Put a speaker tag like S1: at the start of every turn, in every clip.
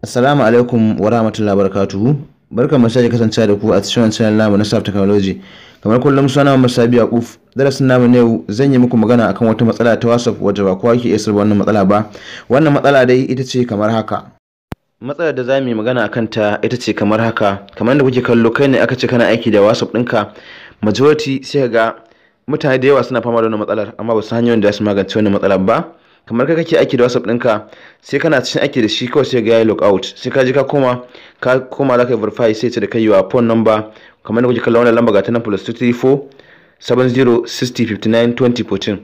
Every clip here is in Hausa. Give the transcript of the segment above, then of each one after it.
S1: Assalamu alaikum wa rahmatullahi barakatuhu. Barka mu sake kasance da ku a cikin channel namu na Saf Technology. Kamar kullum sunana Muhammad Sabi Yakuf. Darasin namu ne yau zan yi muku magana akan wata matsala ta WhatsApp wacce ba kowa ke iya wannan matsala ba. Wannan matsala dai ita ce kamar haka. matsalar da za mu yi magana a kanta ita ce kamar haka kamar da kuke kallo kai ne aka ce kana aiki da whatsapp ɗinka majority sai ka ga mutane da yawa suna fama da wannan matsalar amma ba su hanyoyin da za su magance wannan matsalar ba kamar ka kake aiki da whatsapp ɗinka sai kana cikin aiki da shi kawai sai ga ya look out sai ka ji ka koma ka koma za ka verify sai ce da kai yiwa phone number kamar da kuke kallo wannan lamba ga ta nan plus 234 70 59 2014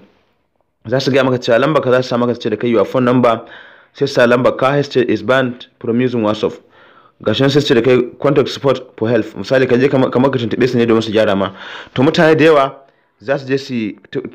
S1: za su gaya maka cewa lamba ka za su sa maka ce da kai yiwa phone number sa lamba ka ce is banned from using whatsapp gashin sai da kai contact support for health misali ka je kamar ka tuntube su ne domin su gyara ma to mutane da yawa za su je su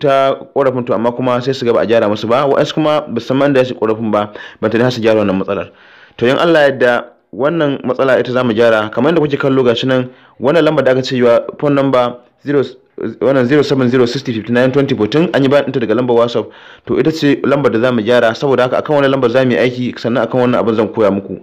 S1: ta korafin to amma kuma sai su ga ba a gyara musu ba wa'ansu kuma ba san man da su korafin ba ba ta su gyara wannan matsalar to in Allah yadda wannan matsala ita za mu gyara kamar yadda kuke kallo gashi nan wannan lamba da aka ce yiwa phone number wannan 07060592014 an yi bayan ta daga lambar whatsapp to ita ce lambar da za mu gyara saboda haka akan wani lambar za mu yi aiki sannan akan wannan abin zan koya muku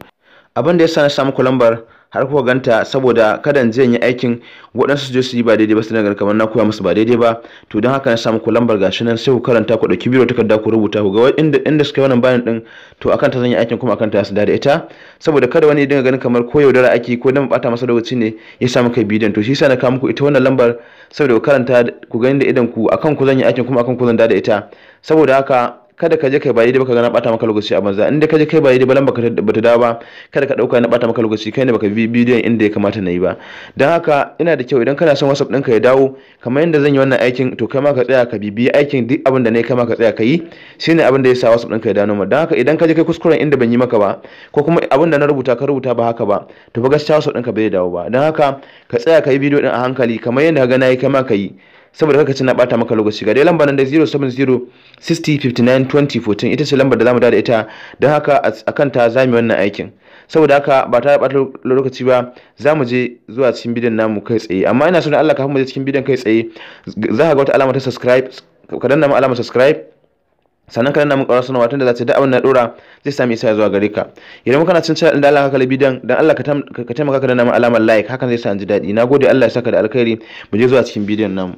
S1: abin da ya sa na samu ku lambar har kuka ganta saboda kada in yi aikin waɗansu su je su yi ba daidai ba su daga kamar na koya musu ba daidai ba to don haka na samu ku lambar gashi nan sai ku karanta ku ɗauki biro takarda ku rubuta ku ga inda inda suka wannan bayan din to akan ta zan yi aikin kuma akan ta su da ita saboda kada wani ya dinga ganin kamar ko yaudara ake ko dan bata masa lokaci ne ya samu kai bidiyon to shi yasa na kawo muku ita wannan lambar saboda ku karanta ku gani da idan ku akan ku zan yi aikin kuma akan ku zan da ita saboda haka kada ka je kai ba da ba ka ga na bata maka lokaci a banza inda ka je kai ba daidai balan baka ba ta dawo ba kada ka dauka na bata maka lokaci kai ne baka bi bidiyon inda ya kamata na yi ba don haka ina da kyau idan kana son whatsapp ɗinka ya dawo kamar yadda zan yi wannan aikin to kai ma ka tsaya ka bibiyi aikin duk abin da na yi kai ma ka tsaya ka yi shine abin da ya sa whatsapp ɗinka ya dawo ma don haka idan ka je kai kuskuren inda ban yi maka ba ko kuma abin da na rubuta ka rubuta ba haka ba to ba gaskiya whatsapp ɗinka bai dawo ba don haka ka tsaya ka yi bidiyo ɗin a hankali kamar yadda ka ga na yi kai ma ka yi saboda kaka na bata maka lokaci ga dai lamba nan da 070 60 ita ce lambar da zamu da ita don haka akan ta zamu wannan aikin saboda haka ba ta bata lokaci ba zamu je zuwa cikin bidiyon namu kai tsaye amma ina so da Allah ka mu je cikin bidiyon kai tsaye za ka ga wata alama ta subscribe ka danna mu alama subscribe sannan ka danna mu ƙarar sanarwa tunda za ta da'awar na dora zai sami isa zuwa gare ka idan kana cin cin da Allah ka kalli bidiyon dan Allah ka taimaka ka danna mu alamar like hakan zai sa an ji daɗi nagode Allah ya saka da alkhairi mu je zuwa cikin bidiyon namu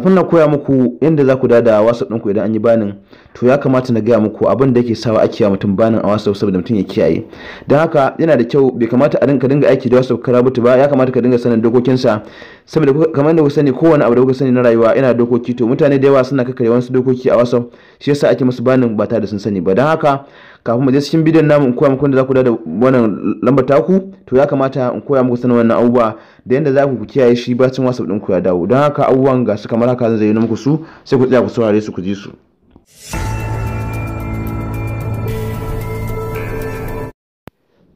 S1: kafin na koya muku yadda za ku da wasu ɗinku idan an yi banin to ya kamata na gaya muku abin da yake sawa ake mutum banin a whatsapp saboda mutum ya kiyaye don haka yana da kyau bai kamata a dinga aiki da wasu karabutu ba ya kamata ka dinga sanin dokokinsa saboda kamar da ku sani kowane abu da kuka sani na rayuwa yana dokoki to mutane da yawa suna kakkarya wasu dokoki a wasu shi yasa ake musu banin ba tare da sun sani ba don haka kafin mu je cikin bidiyon namu in koya muku da za ku da wannan lambar taku to ya kamata in koya muku sanin wannan abubuwa da yadda za ku kiyaye shi bacin whatsapp ɗin ku ya dawo don haka abubuwan ga su kamar haka zan zayyana muku su sai ku tsaya ku saurare su ku ji su.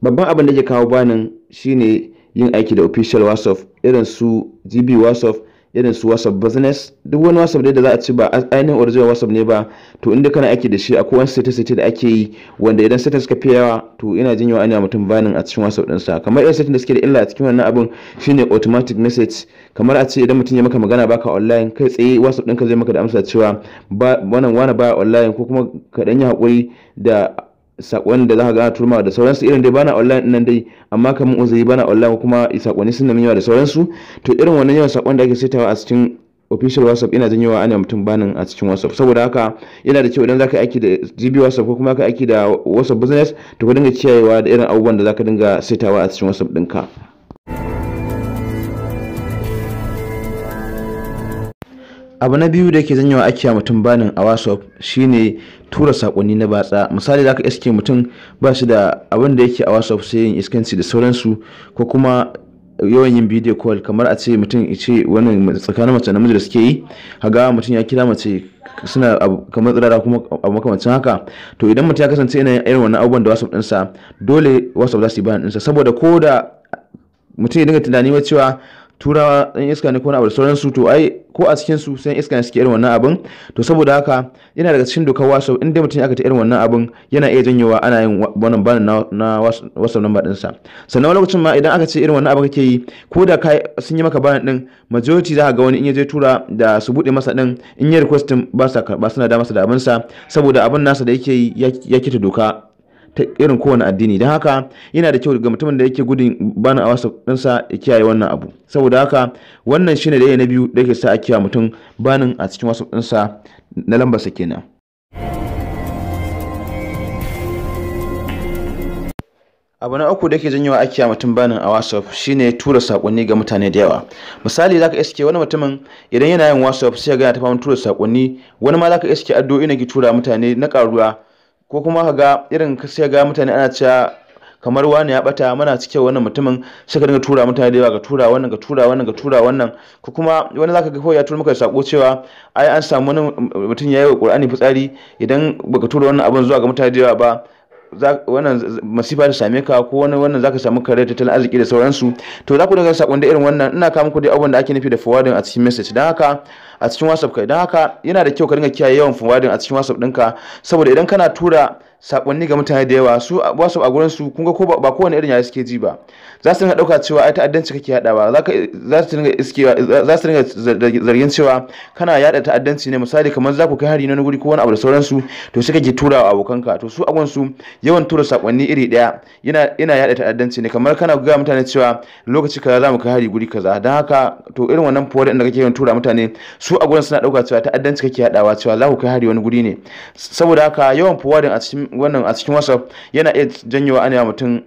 S1: babban abin da ke kawo banin shine yin aiki da official wasu irin su gb whatsapp irin su whatsapp business duk wani whatsapp dai da za a ci ba ainihin original whatsapp ne ba to inda kana aiki da shi akwai wani status da ake yi wanda idan status ka fi yawa to ina jin yawa ana mutum banin a cikin whatsapp ɗinsa kamar irin status da suke da illa a cikin wannan abin shine automatic message kamar a ce idan mutum ya maka magana baka online kai tsaye whatsapp ɗinka zai maka da amsa cewa wannan wani baya online ko kuma ka ɗanyi yi haƙuri da sakon da za ka gana turma da sauransu irin dai bana online nan dai amma kamar uzuri bana online kuma sakonni sun nan yawa da sauransu to irin wannan yawan sakon da ake saitawa a cikin official whatsapp ina janyo wa ana mutum banin a cikin whatsapp saboda haka yana da kyau idan zaka aiki da gb whatsapp ko kuma ka aiki da whatsapp business to ka dinga ciyayewa da irin abubuwan da zaka dinga saitawa a cikin whatsapp dinka abu na biyu da ke zanyewa ake mutum banin a whatsapp shine tura sakonni na batsa misali za ka iske mutum ba shi da abin da yake a whatsapp sai yin iskanci da sauransu ko kuma yawan yin video call kamar a ce mutum ya ce wani tsakanin mace namiji da suke yi haga mutum ya kira mace suna kamar tsirara kuma a makamancin haka to idan mutum ya kasance yana irin wannan abubuwan da whatsapp ɗinsa dole whatsapp za su yi bayan ɗinsa saboda ko da mutum ya dinga tunani cewa turawa ɗan iska ne ko na abu da su to ai ko a cikin su sai iska ne suke irin wannan abin to saboda haka yana daga cikin dokar wasu in dai mutum aka ta irin wannan abin yana iya janyowa ana yin wannan bana na wasu namba din sa sannan wani lokacin ma idan aka ce irin wannan abin kake yi ko da kai sun yi maka bana din majority za ka ga wani in ya je tura da su bude masa din in ya request ba sa karba suna da masa da abin sa saboda abin nasa da yake yi ya kita doka ta irin kowane addini don haka yana da kyau ga mutumin da yake gudun bana a wasa ɗansa ya kiyaye wannan abu saboda haka wannan shine da na biyu da yake sa a kiyaye mutum banin a cikin wasu ɗansa na lambar sa kenan abu na uku da ke janyowa ake a mutum banin a whatsapp shine tura sakonni ga mutane da yawa misali zaka iske wani mutumin idan yana yin wasa sai ga ta fama tura sakonni wani ma zaka iske addu'o'i na ki tura mutane na karuwa ko kuma ka ga irin sai ga mutane ana cewa kamar wani ya bata mana cike wannan mutumin sai ka dinga tura mutane da yawa ka tura wannan ka tura wannan ka tura wannan ko kuma wani zaka ga kawai ya tura maka sako cewa ai an samu wani mutum yayi wa Qur'ani fitsari idan baka tura wannan abin zuwa ga mutane da yawa ba wannan masifa ta same ka ko wani wannan zaka samu kare tattalin arziki da sauransu to za ku daga sakon da irin wannan ina kama muku dai abin da ake nufi da forwarding a cikin message dan haka a cikin whatsapp ka idan haka yana da kyau ka dinga kiyaye yawan forwarding a cikin whatsapp ɗinka saboda idan kana tura sakonni ga mutane da yawa su whatsapp a gurin su kun ga ko ba kowane irin yare suke ji ba za su dinga ɗauka cewa ai ta'addanci kake yaɗawa za su dinga iskewa za su dinga zargin cewa kana yaɗa ta'addanci ne misali kamar za ku kai hari na wani guri ko wani abu da sauransu to sai kake tura wa abokanka to su agon su yawan tura sakonni iri ɗaya yana yana yaɗa ta'addanci ne kamar kana ga mutane cewa lokaci kaza za mu kai hari guri kaza don haka to irin wannan fowar da kake yawan tura mutane su agon suna ɗauka cewa ta'addanci kake yaɗawa cewa za ku kai hari wani guri ne saboda haka yawan fowar a cikin wannan a cikin whatsapp yana iya janyowa ana mutum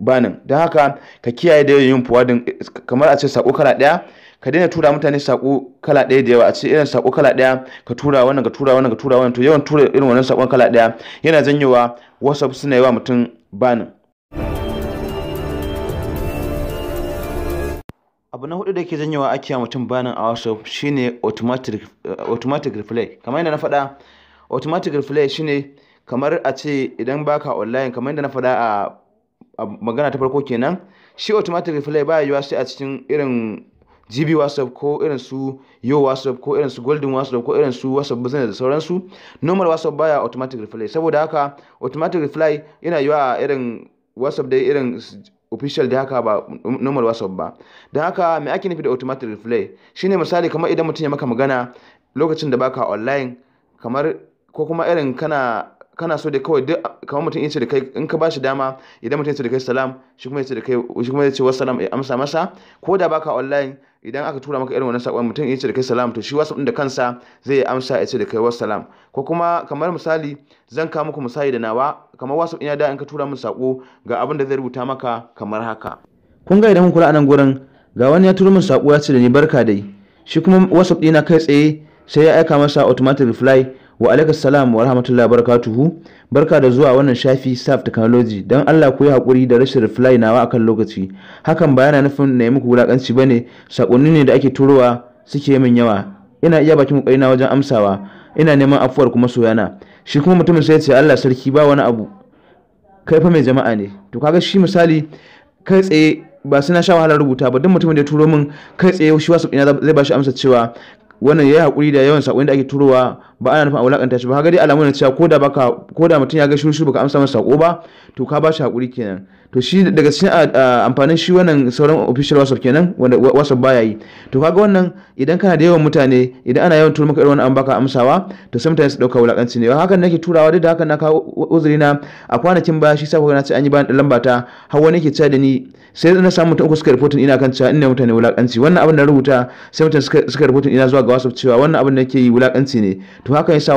S1: banin don haka ka kiyaye da yin fuwadin kamar a ce sako kala daya ka daina tura mutane sako kala daya da yawa a ce irin sako kala daya ka tura wannan ka tura wannan ka tura wannan to yawan tura irin wannan sakon kala daya yana janyowa whatsapp suna yi wa mutum banin abu na hudu da ke janyowa ake wa mutum banin a whatsapp shine automatic eh, replay kamar yadda na faɗa automatic replay shine kamar a ce idan baka online kamar yadda na faɗa a magana ta farko kenan shi automatic reply ba yiwa sai a cikin irin GB WhatsApp ko irin su Yo WhatsApp ko irin su Golden WhatsApp ko irin su WhatsApp Business da sauransu normal WhatsApp baya automatic reply saboda haka automatic reply yana yiwa a irin WhatsApp da irin official da haka ba normal WhatsApp ba da haka me ake nufi da automatic reply shine misali kamar idan mutum ya maka magana lokacin da baka online kamar ko kuma irin kana kana so da kawai duk kamar mutum yace da kai in ka bashi dama idan mutum yace da kai salam shi kuma yace da kai shi kuma yace wassalam ya amsa masa ko da baka online idan aka tura maka irin wannan sakon mutum yace da kai salam to shi WhatsApp din da kansa zai amsa yace da kai salam ko kuma kamar misali zan ka muku misali da nawa kamar WhatsApp ya da in ka tura min sako ga abin da zai rubuta maka kamar haka kun ga idan kun kula a nan gurin ga wani ya tura min sako ya ce da ni barka dai shi kuma WhatsApp dina kai tsaye sai ya aika masa automatic reply wa alaikas salam wa rahmatullahi barakatuhu barka da zuwa wannan shafi staff technology don allah ku yi haƙuri da rashin reply nawa akan lokaci hakan ba yana nufin na yi muku wulaƙanci ba ne sakonni ne da ake turowa suke min yawa ina iya bakin kokari na wajen amsawa ina neman afuwar kuma soyana shi kuma mutumin sai ce allah sarki ba wani abu kai fa mai jama'a ne to kaga shi misali kai tsaye ba suna sha wahalar rubuta ba duk mutumin da ya turo min kai tsaye shi wasu ina zai ba shi amsa cewa wannan ya yi haƙuri da yawan sakonni da ake turowa ba ana nufin a wulakanta shi ba haka dai alamu ne cewa koda baka koda mutum ya ga ba baka amsa masa sako ba to ka ba shi hakuri kenan to shi daga cikin ah, ah, amfanin shi wannan sauran official WhatsApp kenan wanda WhatsApp baya yi to kaga wannan idan kana da yawan mutane idan ana yawan turo maka irin wannan an baka amsawa to sai mutane su dauka wulakanci ne hakan nake turawa duk da haka na kawo uzuri na a kwanakin baya shi sa na ce an yi bayan lamba ta har wani ke da ni sai na samu mutum uku suka ripotin ina kan cewa ina mutane wulakanci wannan abin da rubuta sai mutane suka ripotin ina zuwa ga WhatsApp cewa wannan abin da nake yi wulakanci ne to haka yasa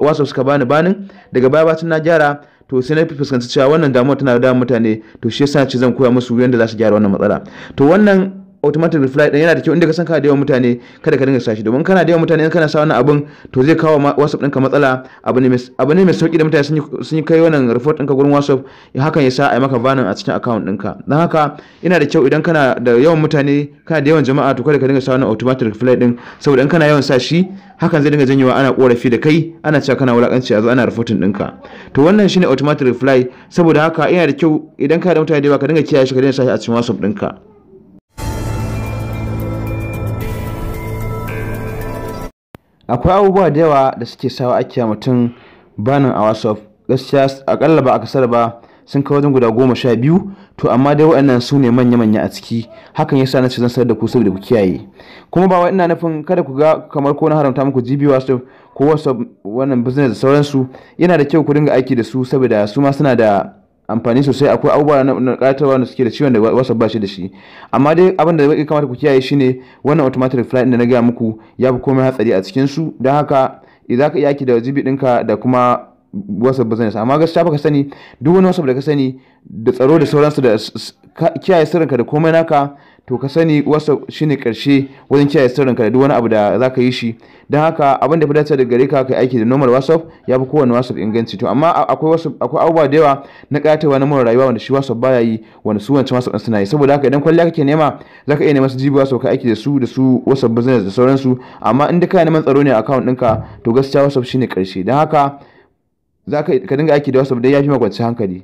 S1: wasu suka bani banin daga baya bacin na gyara to sai na fuskanci cewa wannan damuwa tana da mutane to shi yasa ce zan koya musu yadda za su gyara wannan matsala to wannan automatic reply din yana da kyau inda ka san ka da yawan mutane kada ka dinga sashi domin kana da yawan mutane in kana sa wani abun to zai kawo WhatsApp ɗinka matsala abu ne mai sauki da mutane sun yi kai wannan report ɗinka gurin WhatsApp hakan ya sa a yi maka banin a cikin account ɗinka don haka yana da kyau idan kana da yawan mutane kana da yawan jama'a to kada ka dinga sa wannan automatic reply din saboda in kana yawan sa shi hakan zai dinga janyewa ana korafi da kai ana cewa kana wulakanci a zo ana reporting ɗinka to wannan shine automatic reply saboda haka yana da kyau idan kana da mutane da yawa ka dinga kiyaye shi ka dinga sa shi a cikin WhatsApp ɗinka. akwai abubuwa da yawa da suke sawa ake mutum banin a wasu gaskiya akalla ba a kasar ba sun kawo wajen guda goma sha biyu to amma dai waɗannan su ne manya-manya a ciki hakan ya sa na ce zan da ku saboda ku kiyaye kuma ba ina nufin kada ku ga kamar ko na haramta muku jibi wasu ko wasu wannan business da sauransu yana da kyau ku dinga aiki da su saboda su ma suna da amfani sosai akwai abubuwa na ƙayatarwa da suke da ciwon da whatsapp ba shi da shi amma dai abin da ya kamata ku kiyaye ne wannan automatic flight da na gaya muku ya fi komai hatsari a cikin su don haka idan ka iya ki da wajibi ɗinka da kuma whatsapp ba zan amma gaskiya baka sani duk wani whatsapp da ka sani da tsaro da sauransu da kiyaye sirrinka da komai naka to ka sani wasa shine karshe wajen kiyaye ka da duk wani abu da za ka yi shi don haka abin da fi dace da gare ka ka aiki da normal whatsapp ya fi kowane whatsapp inganci to amma akwai akwai abubuwa da yawa na ƙayatarwa na mura rayuwa wanda shi whatsapp baya yi wanda su wancan whatsapp suna yi saboda haka idan kwalliya kake nema za ka iya neman su jibi whatsapp ka aiki da su da su whatsapp business da sauransu amma in duka neman tsaro ne a account ɗinka to gaskiya shi shine karshe don haka za ka dinga aiki da whatsapp dai ya fi makwanci hankali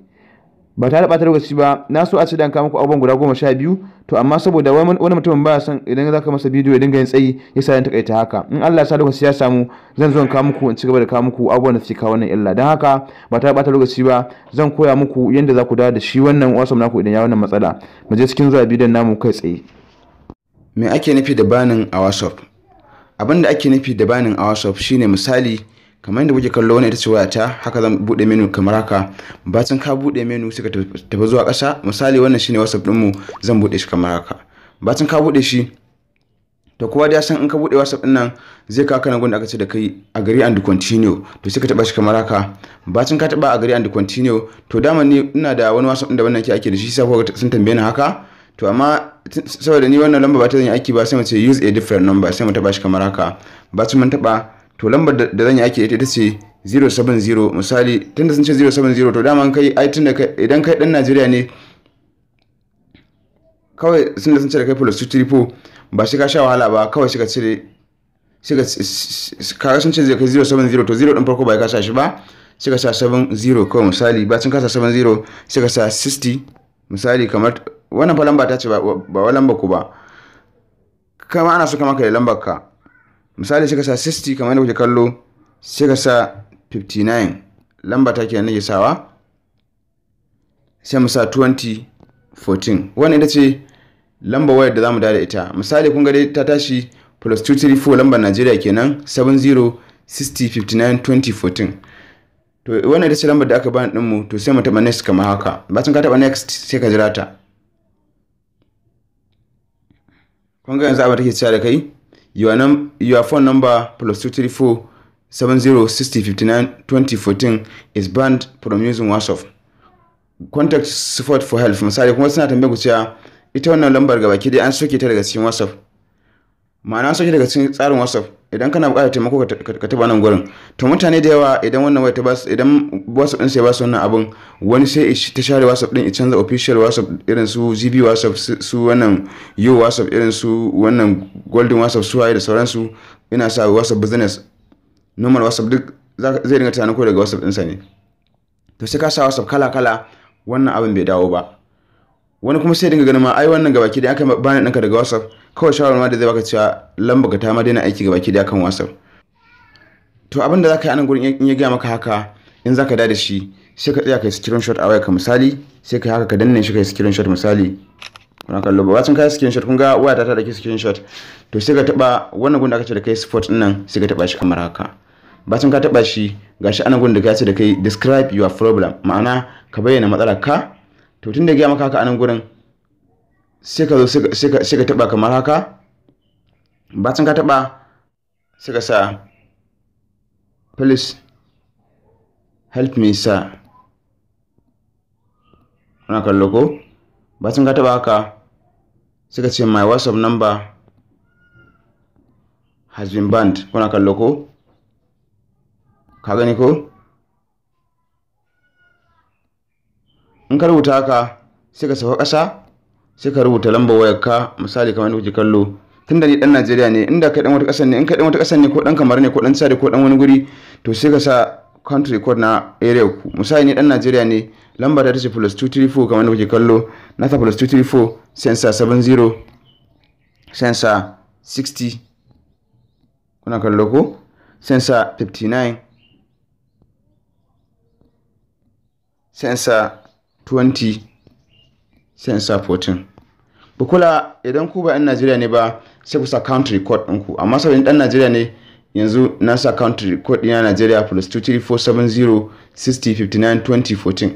S1: ba ta da ɓata lokaci ba na so a ce dan muku abubuwan guda goma sha biyu to amma saboda wani mutumin baya san idan za ka masa bidiyo ya dinga yin tsayi ya sa ta takaita haka in Allah ya sa lokaci ya samu zan zo in kawo muku in ci gaba da kawo muku abubuwan da suke kawo wannan illa dan haka ba ta da ɓata lokaci ba zan koya muku yadda za ku dawo da shi wannan wasan naku idan ya wannan matsala mu je cikin zuwa bidiyon namu kai tsaye me ake nufi da banin a wasu abin da ake nufi da banin a wasu shine misali kamar yadda kuke kallo wannan ita ce wayata haka zan bude menu kamar haka bacin ka bude menu sai ka tafi zuwa ƙasa misali wannan shine whatsapp ɗinmu zan bude shi kamar haka bacin ka bude shi to kowa da san in ka bude whatsapp din nan zai kawo kana gunda aka ce da kai agree and continue to sai ka taba shi kamar haka bacin ka taba agree and continue to dama ne ina da wani whatsapp din da wannan ke ake da shi sai kuka sun tambaye ni haka to amma saboda ni wannan lamba ba ta zan yi aiki ba sai mu ce use a different number sai mu taba shi kamar haka bacin mun taba to lambar da zan yi ake ita ce 070 misali tunda sun ce 070 to dama kai ai tunda kai idan kai dan Najeriya ne kawai sun da sun ce da kai plus 234 ba shi ka sha wahala ba kawai shi ka cire shi ka kawai sun ce zai kai 070 to 0 din farko ba ka sha shi ba shi ka sha 70 kawai misali ba sun sha 70 shi ka sha 60 misali kamar wannan fa lamba ta ce ba wa lamba ku ba kama ana so kama ka da lambar ka misali sai ka sa 60 kamar yadda kuke kallo sai ka sa 59 lamba ta kenan nake sawa sai mu sa 2014 wannan ita ce lamba wayar da zamu dada ita misali kun ga dai ta tashi plus 234 lambar Najeriya kenan 7060592014 to wannan ita ce lambar da aka bani din mu to sai mu taba next kamar haka bacin ka taba next sai ka jira ta kun ga yanzu abin take cewa da kai your, num your phone number plus 234 7060 59 2014 is banned from using WhatsApp. Contact support for help Masari, kuma suna tambaye ku cewa ita wannan lambar gaba ke dai an soke ta daga cikin WhatsApp. ma'ana sauke daga cikin tsarin whatsapp idan kana buƙatar taimako ka taba nan gurin to mutane da yawa idan wannan waya ta ba idan whatsapp din sai ba su wannan abun wani sai ta share whatsapp din i canza official whatsapp irin su gb whatsapp su wannan yo whatsapp irin su wannan golden whatsapp su waye da sauransu ina sa whatsapp business normal whatsapp duk zai dinga tunanin ko daga whatsapp sa ne to sai ka sa whatsapp kala kala wannan abin bai dawo ba wani kuma sai dinga ganin ma ai wannan gabaki daya aka bani ɗanka daga whatsapp kawai shawarar ma da zai baka cewa lamba ka ta ma daina aiki gabaki daya kan whatsapp to abin da ka yi anan gurin in ya gaya maka haka in ka da da shi sai ka tsaya sikirin screenshot a waya ka misali sai ka haka ka danne shi sikirin screenshot misali kuna kallo ba sun kai screenshot kun ga waya ta ta dake screenshot to sai ka taba wannan gun da aka ce da kai sport din nan sai ka taba shi kamar haka ba sun ka taba shi gashi anan gun da ka ce da kai describe your problem ma'ana ka bayyana matsalar ka to tun da gaya maka haka anan gurin sai ka zo sai ka taba kamar haka sun ka taba sai ka sa please help me sir ana kallo ko sun ka taba haka sai ka ce my whatsapp number has been banned kuna kallo ko ka gani ko in ka rubuta haka sai ka sauka ƙasa sai ka rubuta lambar wayar ka misali kamar yadda kuke kallo tunda ni dan Najeriya ne inda kai dan wata ƙasar ne in kai dan wata ƙasar ne ko dan kamar ne ko dan Chad ko dan wani guri to sai ka sa country code na area ku misali ni dan Najeriya ne lambar ta ce plus 234 kamar yadda kuke kallo na ta plus 234 sensor 70 sensor 60 kuna kallo ko sensor 59 sensor 20 sai in sa 14 ku kula idan ku ba 'yan najeriya ne ba sai ku sa country code ɗinku amma saboda ɗan najeriya ne yanzu na sa country code ɗina najeriya plus 2347060592014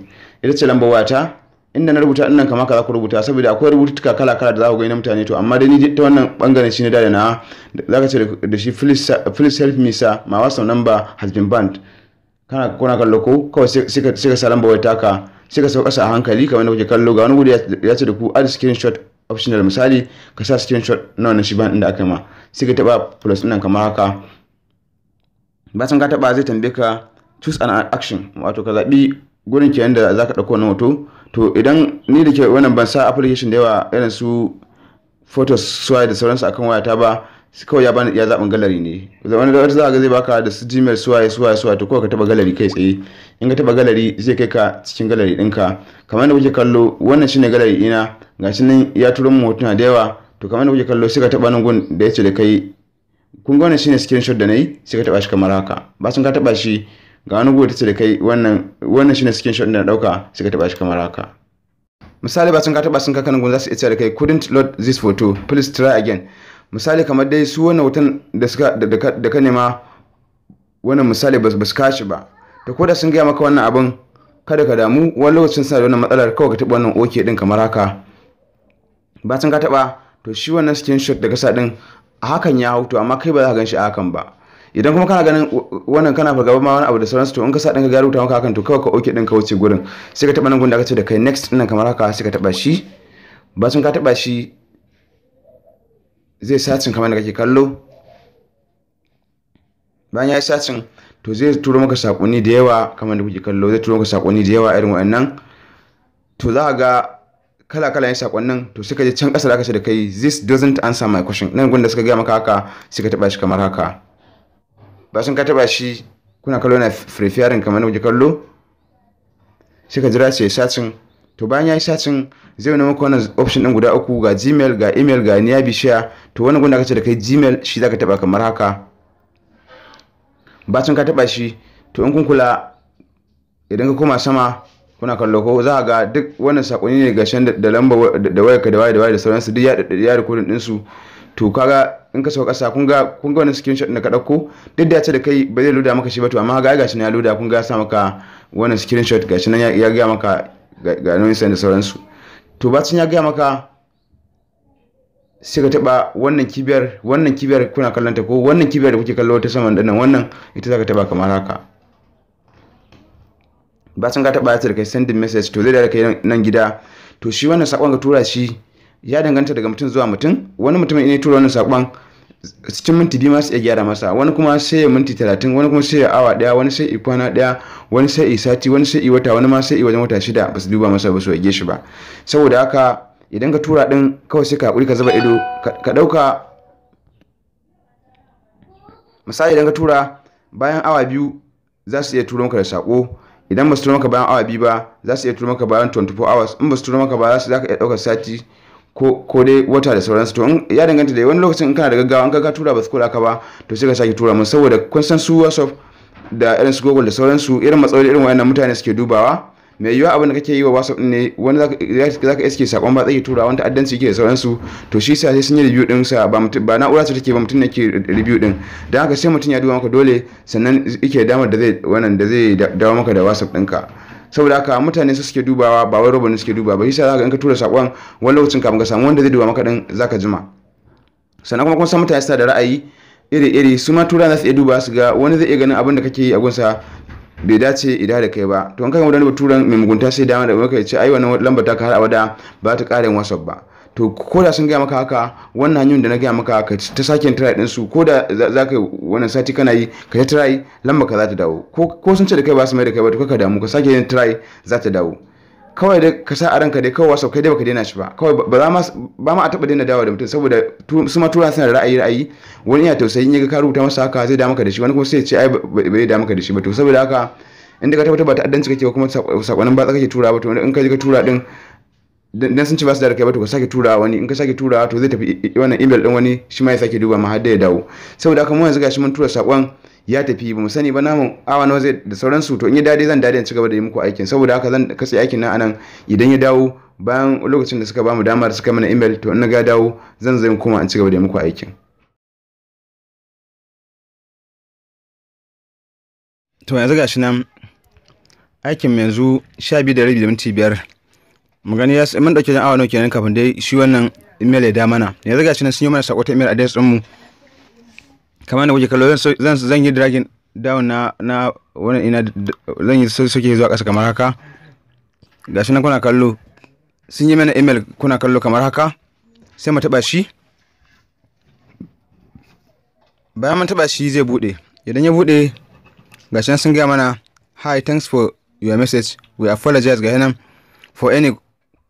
S1: ita ce lambar wata inda na rubuta ɗin nan kama ka za ku rubuta saboda akwai rubututtuka kala kala da za ku gani na mutane to amma dai ni ta wannan bangare shi ne da na za ka ce da shi please help me sir my whatsapp number has been banned kana kona kallo ko kawai sai ka sa lambar wata ka sai ka sauka a hankali kamar da kuke kallo ga wani gudu ya ce da ku add screenshot optional misali ka sa screenshot na wannan shi ban inda aka ma sai ka taba plus ɗin kamar haka bayan ka taba zai tambaye ka choose an action wato ka zabi gurin kenan da ka dauko wannan hoto to idan ni da ke wannan ban sa application da yawa irin su photos suwaye da sauransu akan wayata ba su kawai ya bani ya zaben gallery ne zaman da wata za ga zai baka da su gmail ya suwaye suwa to kawai ka taba gallery kai tsaye in ka taba gallery zai kai ka cikin gallery ɗinka kamar da kuke kallo wannan shine gallery ina shi nan ya turo min hotuna da yawa to kamar da kuke kallo sai ka taba nan gun da yace da kai kun ga wannan shine screenshot da nayi sai ka taba shi kamar haka Ba sun ka taba shi ga wani gobe ta yace da kai wannan wannan shine screenshot da na dauka sai ka taba shi kamar haka misali sun ka taba sun ka kan gun za su iya da kai couldn't load this photo please try again misali kamar dai su wannan wutan da suka da ka nema wannan misali ba su kashi ba ta koda sun gaya maka wannan abin kada ka damu wani lokacin suna da wannan matsalar kawai ka taɓa wannan oke ɗin kamar haka Ba sun ka taɓa to shi wannan shot da kasa ɗin a hakan ya hau to amma kai ba za ka gan shi a hakan ba idan kuma kana ganin wannan kana fargaba ma wani abu da sauransu to in ka sa ɗin ka gyaru maka hakan to kawai ka oke ɗin ka wuce gurin sai ka taɓa nan gunda ka ce da kai next ɗin kamar haka sai ka taɓa shi Ba sun ka taɓa shi zai sacin kamar da kake kallo bayan ya yi sacin to zai turo maka sakonni da yawa kamar da kuke kallo zai turo maka sakonni da yawa irin wa'annan to za ga kala kala yin sakonnin to suka je can kasa da aka ce da kai this doesn't answer my question nan gunda suka gaya maka haka suka taba shi kamar haka ba sun ka taba shi kuna kallo na preferring kamar da kuke kallo suka jira sai sacin to bayan ya yi sacin zai wani maka wannan option din guda uku ga gmail ga email ga niya bishiya to wani gunda kace da kai gmail shi zaka taba kamar haka bacin ka taba shi to in kun kula idan ka koma sama kuna kallo ko za ga duk wannan sakonni ne ga shan da lamba da wayarka da waya da waya da sauransu duk ya ya recording din su to kaga in ka sauka kasa kun ga kun ga wannan screenshot da ka dauko duk da ya ce da kai ba zai loda maka shi ba to amma ga gashi na ya loda kun ga ya sa maka wannan screenshot gashi nan ya ga maka ga nauyin da sauransu to bacin ya gaya maka sai ka taba wannan kibiyar wannan kibiyar kuna kallon ta ko wannan kibiyar da kuke kallo ta saman dinnan wannan ita zaka taba kamar haka bacin ka taba ta da kai sendin message to zai da kai nan gida to shi wannan sakon ka tura shi ya danganta daga mutum zuwa mutum wani mutum ne tura wannan sakon cikin minti biyu masu iya gyara masa wani kuma sai ya minti talatin wani kuma sai ya awa daya wani sai ya kwana daya wani sai ya sati wani sai ya wata wani ma sai ya wajen wata shida ba su duba masa ba su ya shi ba saboda haka idan ka tura din kawai sai ka hakuri ka zuba ido ka dauka misali idan ka tura bayan awa biyu za su iya turo maka da sako idan ba su turo maka bayan awa biyu ba za su iya turo maka bayan 24 hours in ba su turo maka ba za su iya daukar sati ko dai wata da sauransu to ya danganta da wani lokacin in kana da gaggawa in ka tura ba su kula ka ba to sai ka saki tura musu saboda kun san su whatsapp da irin su google da sauransu irin matsaloli irin wayannan mutane suke dubawa mai yiwuwa abin da kake yi wa whatsapp ne wani za ka iske sakon ba tsaye tura wani ta'addanci yake da sauransu to shi sai sai sun yi review din sa ba na'ura ce take ba mutum ne ke review din dan haka sai mutum ya duba maka dole sannan yake damar da zai wannan da zai dawo maka da whatsapp ɗinka saboda haka mutane su suke dubawa ba wai ne suke duba ba yasa zaka in ka tura sakon wani lokacin kafin ka samu wanda zai duba maka din zaka jima sannan kuma kun san mutane ta da ra'ayi iri-iri su ma tura za su iya duba su ga wani zai iya ganin abin da kake yi a gunsa bai dace idan da kai ba to an kai wani turan mai mugunta sai dama da maka ya ce ai wannan lambar ta ka har abada ba ta ƙarin whatsapp ba to ko da sun gaya maka haka wannan hanyoyin da na gaya maka haka ta sake try din su ko da za ka wannan sati kana yi ka yi try lamba ka za ta dawo ko sun ce da kai ba su mai da kai ba to ka damu ka sake yin try za ta dawo kawai dai ka sa a ranka dai kawai wasu kai dai baka daina shi ba kawai ba ba ma a taba daina dawo da mutum saboda su ma tura suna da ra'ayi ra'ayi wani ya tausayi in ya ga ka rubuta masa haka zai da maka da shi wani kuma sai ya ce ai zai da maka da shi ba to saboda haka inda ka tabbata ba ta'addanci kake ko kuma sakonin ba kake tura ba to in ka je ka tura din dan sun ci ba su da kai ba to ka sake turawa wani in ka sake turawa to zai tafi wannan email din wani shi ma ya sake duba ma har da ya dawo saboda haka mu yanzu gashi mun tura sakon ya tafi ba mu sani ba namu awa nawa zai da sauransu to in ya dade zan dade in ci gaba da yi muku aikin saboda haka zan katse aikin nan anan idan ya dawo bayan lokacin da suka bamu damar suka mana email to in na ga dawo zan zai kuma in ci gaba da yi muku aikin to yanzu gashi nan aikin yanzu sha da rabi da minti mu gani ya mun dauke awa nawa kenan kafin dai shi wannan email ya da mana yanzu ga shi nan sun yi mana sako ta email address din mu kamar da kuke kallo zan zan yi dragging down na na wannan ina zan yi soke zuwa kasa kamar haka gashi nan kuna kallo sun yi mana email kuna kallo kamar haka sai mu taba shi bayan mun taba shi zai bude idan ya bude gashi nan sun gaya mana hi thanks for your message we apologize ga nan for any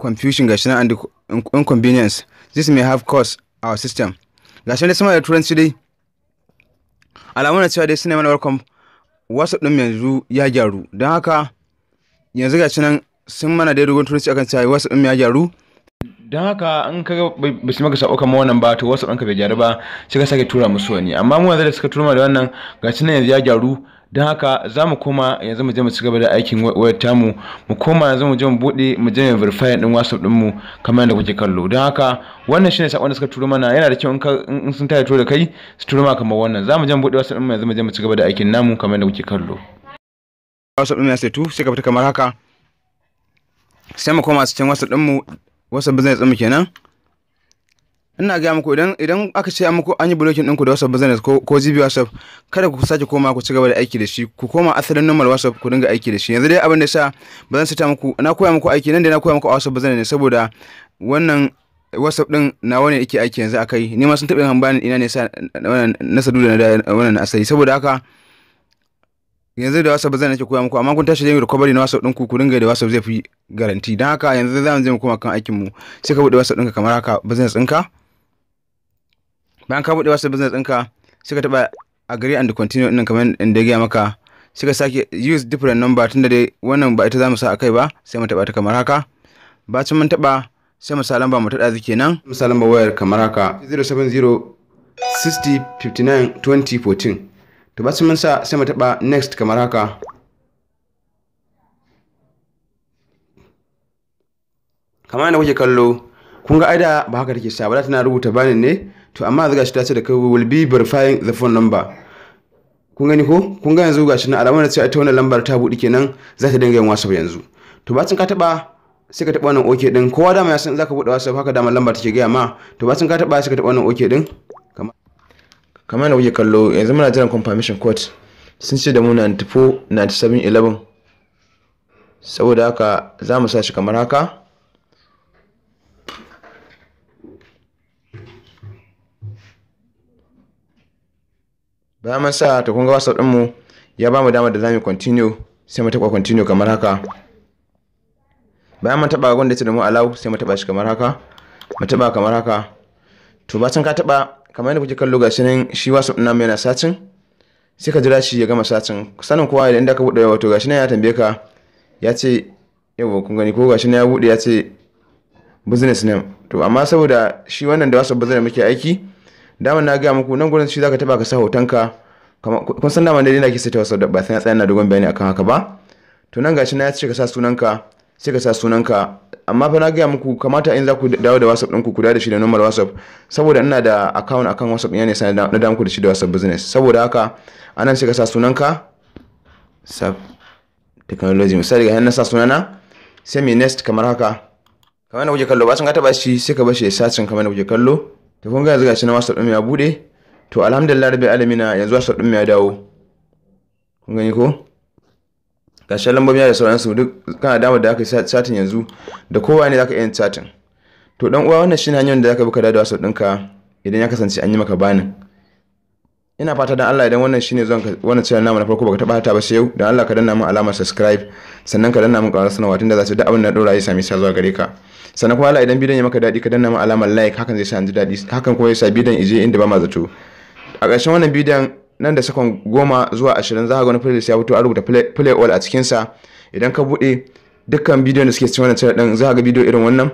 S1: confusion gashi nan and inconvenience this may have caused our system gashi dai sama da turanci dai alamun cewa dai suna mana welcome whatsapp din yanzu ya gyaru don haka yanzu gashi nan sun mana dai dogon turanci akan cewa whatsapp din ya gyaru don haka an kaga ba shi maka sabo kamar wannan ba to wasu ka bai gyaru ba sai ka sake tura musu wani amma mu yanzu da suka tura da wannan gashi nan yanzu ya gyaru don haka za mu koma yanzu mu je mu ci gaba da aikin wayar tamu mu koma yanzu mu je mu bude mu je mu verify din whatsapp din mu kamar yadda kuke kallo don haka wannan shine sakon da suka turo mana yana da kyau in sun tare to da kai su turo ma kamar wannan za mu je mu bude whatsapp din mu yanzu mu je mu ci gaba da aikin namu kamar yadda kuke kallo whatsapp din ya tu sai ka fita kamar haka sai mu koma cikin whatsapp din mu whatsapp din mu kenan ina gaya muku idan idan aka ce an muku an yi blocking ɗinku da WhatsApp business ko ko GB WhatsApp kada ku sake koma ku ci gaba da aiki da shi ku koma asalin normal WhatsApp ku dinga aiki da shi yanzu dai abin da sa ba zan sita muku na koya muku aiki nan da na koya muku a WhatsApp business ne saboda wannan WhatsApp din nawa ne yake aiki yanzu akai ni ma sun taɓa yin bani ina ne sa wannan na sadu da na wannan asali saboda haka yanzu da WhatsApp bazan nake koya muku amma kun tashi da recovery na WhatsApp ɗinku ku dinga da WhatsApp zai fi garanti don haka yanzu za mu mu koma kan aikin mu sai ka buɗe WhatsApp ɗinka kamar haka business ɗinka bayan ka buɗe wasu business ɗinka sai ka taɓa agree and continue ɗin kamar inda ya gaya maka suka sake use different number tunda dai wannan ba ita za mu sa a kai ba sai mu taɓa ta kamar haka bacin mun taɓa sai mu sa lamba mu taɗa zuke nan mu sa lamba wayar kamar haka 070 60 59 2014 to bacin mun sa sai mu taɓa next kamar haka kamar yadda kuke kallo kun ga aida ba haka take sa ba tana rubuta banin ne to amma yanzu gashi ta ce da kai will be verifying the phone number kun gani ko kun ga yanzu gashi na alamar cewa ta wannan lambar ta buɗe kenan za ta dinga yin whatsapp yanzu to bacin ka taɓa sai ka taɓa wannan ok ɗin kowa dama ya san za ka buɗe whatsapp haka dama lambar take gaya ma to bacin ka taɓa sai ka taɓa wannan ok ɗin kamar da kuke kallo yanzu muna jiran confirmation code sun ce da mu 94 97 11 saboda haka za mu sa shi kamar haka bayan mun sa to kun ga whatsapp din mu ya ba mu dama da zamu continue sai mu taba continue kamar haka bayan mun taba gon da ce da mu allow sai mu taba shi kamar haka mu taba kamar haka to bacin ka taba kamar yadda kuke kallo gashi nan shi whatsapp din mai yana satin sai ka jira shi ya gama satin sanin kowa idan da ka bude wato gashi nan ya tambaye ka ya ce yau kun gani ko gashi nan ya bude ya ce business name to amma saboda shi wannan da whatsapp business muke aiki daman na gaya muku nan gurin shi zaka taba ka sa hotonka kun san daman dai nake saita wasu ba sai na tsaya na dogon bayani akan haka ba to nan gashi na ya ce ka sa sunanka sai ka sa sunanka amma fa na gaya muku kamata in za ku dawo da whatsapp ɗinku ku da shi da numar whatsapp saboda ina da account akan whatsapp ina ne sai na da muku da shi da whatsapp business saboda haka anan sai ka sa sunanka sab technology misali ga na sa sunana sai mai next kamar haka kamar da kuke kallo ba sun ka ba shi sai ka bashi ya sacin kamar da kuke kallo to kun ga zuga shi na wasu ya bude to alhamdulillah rabbi alamina yanzu wasu din ya dawo kun gani ko shi lambobi da sauransu duk kana damar da aka satin yanzu da kowa ne zaka iya satin to dan uwa wannan shine hanyar da zaka bi ka dawo wasu ɗinka idan ya kasance an yi maka banin ina fata dan Allah idan wannan shine zan wannan channel namu na farko baka taba hata ba sai yau dan Allah ka danna mu alamar subscribe sannan ka danna mu ƙarar sanarwa tunda za su da abin da dora ya sami sa zuwa gare ka sannan kuma Allah idan bidiyon ya maka dadi ka danna mu alamar like hakan zai sa an ji dadi hakan kuma ya sa bidiyon ije inda ba ma zato a ƙarshen wannan bidiyon nan da sakon goma zuwa ashirin za ka ga wani playlist ya fito a rubuta play all a cikinsa idan ka buɗe dukkan bidiyon da suke cikin wannan channel din za ka ga bidiyo irin wannan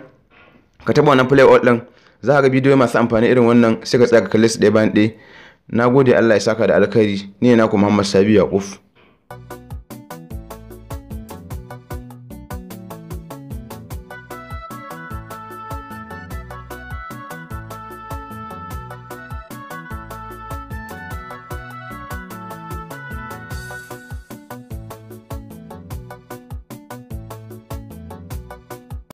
S1: ka taba wannan play all din za ka ga bidiyo masu amfani irin wannan sai ka tsaya ka kalle su ɗaya bayan ɗaya na gode Allah ya saka da alkhairi ni ne naku Muhammad Sabi Yakuf